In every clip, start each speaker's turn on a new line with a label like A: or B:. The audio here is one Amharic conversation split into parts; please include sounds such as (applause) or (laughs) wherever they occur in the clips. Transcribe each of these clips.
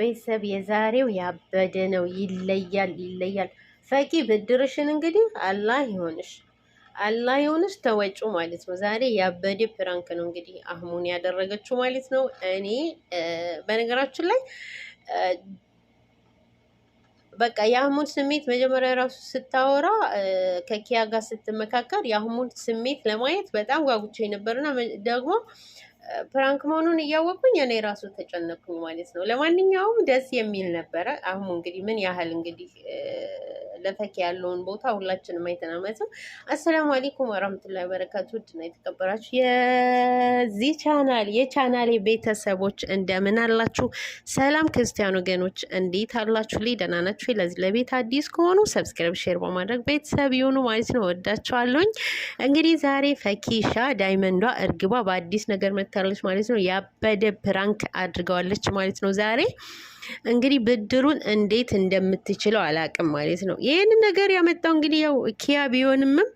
A: ቤተሰብ የዛሬው ያበደ ነው። ይለያል ይለያል። ፈቂ ብድርሽን እንግዲህ አላህ ይሆንሽ አላህ ይሆንሽ ተወጩ ማለት ነው። ዛሬ ያበደ ፕራንክ ነው እንግዲህ አህሙን ያደረገችው ማለት ነው። እኔ በነገራችን ላይ በቃ የአህሙን ስሜት መጀመሪያ ራሱ ስታወራ ከኪያ ጋር ስትመካከር የአህሙን ስሜት ለማየት በጣም ጓጉቼ ነበርና ደግሞ ፕራንክ መሆኑን እያወቅኩኝ እኔ ራሱ ተጨነኩኝ ማለት ነው። ለማንኛውም ደስ የሚል ነበረ። አሁን እንግዲህ ምን ያህል እንግዲህ ለፈኪ ያለውን ቦታ ሁላችንም አይተናመሰው። አሰላሙ አሌይኩም ወራህመቱላሂ ወበረካቱ። ውድና የተከበራችሁ የዚህ ቻናል የቻናሌ ቤተሰቦች እንደምን አላችሁ? ሰላም ክርስቲያን ወገኖች እንዴት አላችሁ? ላይ ደህና ናችሁ? ለዚህ ለቤት አዲስ ከሆኑ ሰብስክራይብ፣ ሼር በማድረግ ቤተሰብ ይሁኑ ማለት ነው። ወዳችኋለሁኝ። እንግዲህ ዛሬ ፈኪሻ ዳይመንዷ እርግቧ በአዲስ ነገር መታ ሞክራለች ማለት ነው። ያበደ ፕራንክ አድርገዋለች ማለት ነው። ዛሬ እንግዲህ ብድሩን እንዴት እንደምትችለው አላቅም ማለት ነው። ይህን ነገር ያመጣው እንግዲህ ያው ኪያ ቢሆንምም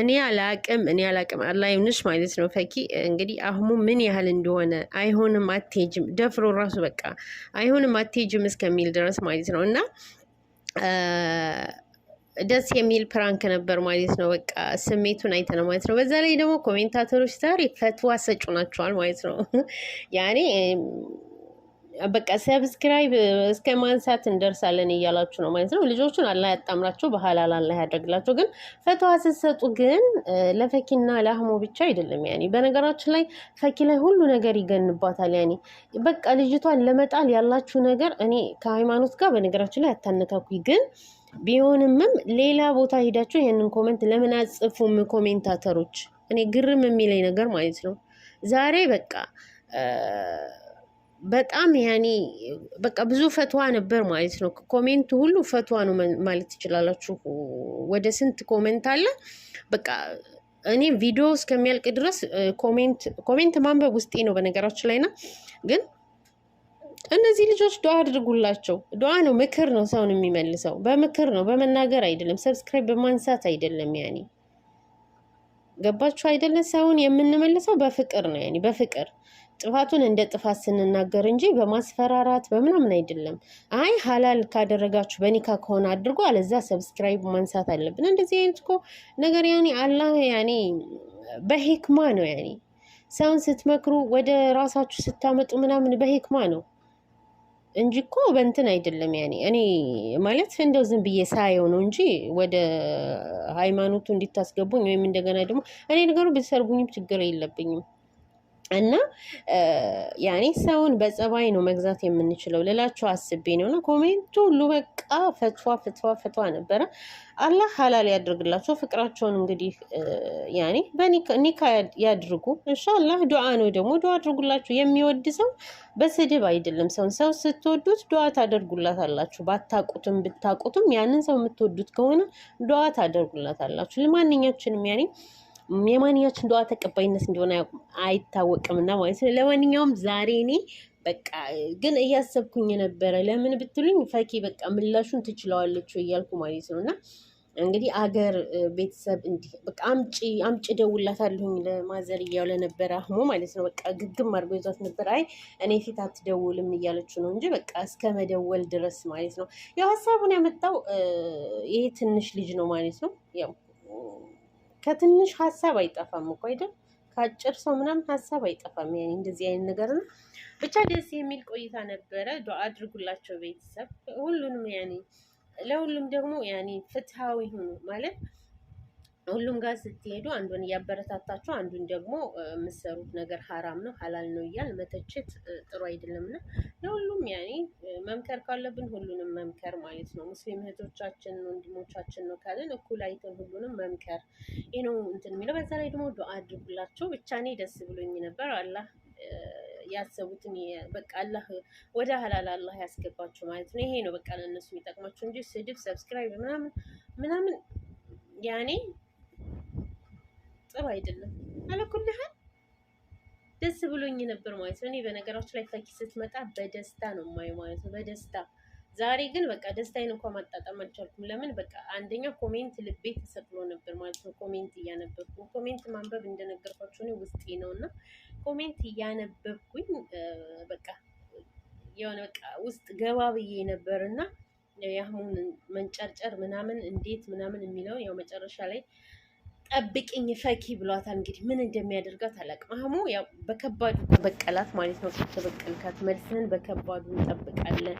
A: እኔ አላቅም እኔ አላቅም አላይምንሽ ማለት ነው። ፈኪ እንግዲህ አህሙ ምን ያህል እንደሆነ አይሆንም አትሄጂም ደፍሮ ራሱ በቃ አይሆንም አትሄጂም እስከሚል ድረስ ማለት ነው እና ደስ የሚል ፕራንክ ነበር ማለት ነው። በቃ ስሜቱን አይተነ ማለት ነው። በዛ ላይ ደግሞ ኮሜንታተሮች ዛሬ ፈትዋ ሰጩ ናቸዋል ማለት ነው (laughs) ያኔ በቃ ሰብስክራይብ እስከ ማንሳት እንደርሳለን እያላችሁ ነው ማለት ነው። ልጆቹን አላህ ያጣምራቸው፣ በሐላል አላህ ያደርግላቸው። ግን ፈተዋ ስትሰጡ ግን ለፈኪና ለአህሙ ብቻ አይደለም። ያኔ በነገራችን ላይ ፈኪ ላይ ሁሉ ነገር ይገንባታል። ያኔ በቃ ልጅቷን ለመጣል ያላችሁ ነገር እኔ ከሃይማኖት ጋር በነገራችን ላይ አታነካኩኝ ግን ቢሆንምም ሌላ ቦታ ሄዳችሁ ይህንን ኮሜንት ለምን አጽፉም? ኮሜንታተሮች እኔ ግርም የሚለኝ ነገር ማለት ነው ዛሬ በቃ በጣም ያኔ በቃ ብዙ ፈትዋ ነበር ማለት ነው። ኮሜንቱ ሁሉ ፈትዋ ነው ማለት ትችላላችሁ። ወደ ስንት ኮሜንት አለ። በቃ እኔ ቪዲዮ እስከሚያልቅ ድረስ ኮሜንት ማንበብ ውስጤ ነው በነገራችን ላይ ና ግን እነዚህ ልጆች ዱዓ አድርጉላቸው። ዱዓ ነው፣ ምክር ነው ሰውን የሚመልሰው በምክር ነው፣ በመናገር አይደለም፣ ሰብስክራይብ በማንሳት አይደለም። ያኔ ገባችሁ አይደለም? ሰውን የምንመልሰው በፍቅር ነው ያኔ በፍቅር ጥፋቱን እንደ ጥፋት ስንናገር እንጂ በማስፈራራት በምናምን አይደለም። አይ ሀላል ካደረጋችሁ በኒካ ከሆነ አድርጎ አለዛ ሰብስክራይብ ማንሳት አለብን። እንደዚህ አይነት እኮ ነገር ያኔ አላህ ያኔ በሂክማ ነው ያኔ ሰውን ስትመክሩ ወደ ራሳችሁ ስታመጡ ምናምን በሂክማ ነው እንጂ እኮ በእንትን አይደለም። ያኔ እኔ ማለት እንደው ዝም ብዬ ሳየው ነው እንጂ ወደ ሃይማኖቱ እንዲታስገቡኝ ወይም እንደገና ደግሞ እኔ ነገሩ ብትሰርጉኝም ችግር የለብኝም። እና ያኔ ሰውን በጸባይ ነው መግዛት የምንችለው ልላቸው አስቤ ነው። እና ኮሜንቱ ሁሉ በቃ ፈትዋ ፍትዋ ፍትዋ ነበረ። አላህ ሀላል ያድርግላቸው። ፍቅራቸውን እንግዲህ ያኔ በኒካ ያድርጉ እንሻላህ። ዱዓ ነው ደግሞ ዱዓ አድርጉላችሁ። የሚወድ ሰው በስድብ አይደለም ሰውን ሰው ስትወዱት ዱዓ ታደርጉላት አላችሁ። ባታቁትም ብታቁትም ያንን ሰው የምትወዱት ከሆነ ዱዓ ታደርጉላት አላችሁ። ለማንኛችንም ያኔ የማንኛችን ዱዓ ተቀባይነት እንደሆነ አይታወቅምና ማለት ነው። ለማንኛውም ዛሬ እኔ በቃ ግን እያሰብኩኝ የነበረ ለምን ብትሉኝ ፈኪ በቃ ምላሹን ትችለዋለች እያልኩ ማለት ነው እና እንግዲህ አገር ቤተሰብ እንዲህ በቃ አምጪ አምጪ ደውላታለሁኝ ለማዘር እያለ ነበረ አህሞ ማለት ነው። በቃ ግግም አድርጎ ይዟት ነበር። አይ እኔ ፊት አትደውልም እያለችው ነው እንጂ በቃ እስከ መደወል ድረስ ማለት ነው። ያው ሀሳቡን ያመጣው ይሄ ትንሽ ልጅ ነው ማለት ነው ያው ከትንሽ ሀሳብ አይጠፋም እኮ አይደል? ከአጭር ሰው ምናምን ሀሳብ አይጠፋም። ያኔ እንደዚህ አይነት ነገር ነው። ብቻ ደስ የሚል ቆይታ ነበረ። ዱዓ አድርጉላቸው ቤተሰብ ሁሉንም ያኔ ለሁሉም ደግሞ ያኔ ፍትሃዊ ሁኑ ማለት ሁሉም ጋር ስትሄዱ አንዱን እያበረታታችሁ አንዱን ደግሞ የምትሰሩት ነገር ሀራም ነው ሀላል ነው እያል መተቸት ጥሩ አይደለም ና ለሁሉም ያኔ መምከር ካለብን ሁሉንም መምከር ማለት ነው። ሙስሊም እህቶቻችን ወንድሞቻችን ነው ካለን እኩል አይተን ሁሉንም መምከር ይህ ነው እንትን የሚለው። በዛ ላይ ደግሞ ዱዓ አድርጉላቸው። ብቻ እኔ ደስ ብሎኝ ነበር አላህ ያሰቡትን በቃ አላህ ወደ ሀላል አላህ ያስገባቸው ማለት ነው። ይሄ ነው በቃ ለእነሱ የሚጠቅማቸው እንጂ ስድብ፣ ሰብስክራይብ ምናምን ምናምን ያኔ ጥሩ አይደለም። አለኩልህን ደስ ብሎኝ ነበር ማለት ነው። እኔ በነገራችን ላይ ፈኪ ስትመጣ በደስታ ነው ማየው ማለት ነው፣ በደስታ ዛሬ ግን በቃ ደስታዬን እንኳ ማጣጣም አልቻልኩም። ለምን በቃ አንደኛ ኮሜንት ልቤ ተሰቅሎ ነበር ማለት ነው። ኮሜንት እያነበብኩኝ ኮሜንት ማንበብ እንደነገርኳቸው እኔ ውስጤ ነው እና ኮሜንት እያነበብኩኝ በቃ የሆነ በቃ ውስጥ ገባ ብዬ ነበር እና የአህሙን መንጨርጨር ምናምን እንዴት ምናምን የሚለውን ያው መጨረሻ ላይ ጠብቅኝ ፈኪ ብሏታል። እንግዲህ ምን እንደሚያደርጋት አላውቅም። አህሙ ያው በከባዱ ተበቀላት ማለት ነው። ተበቀልካት፣ መልስህን በከባዱ እንጠብቃለን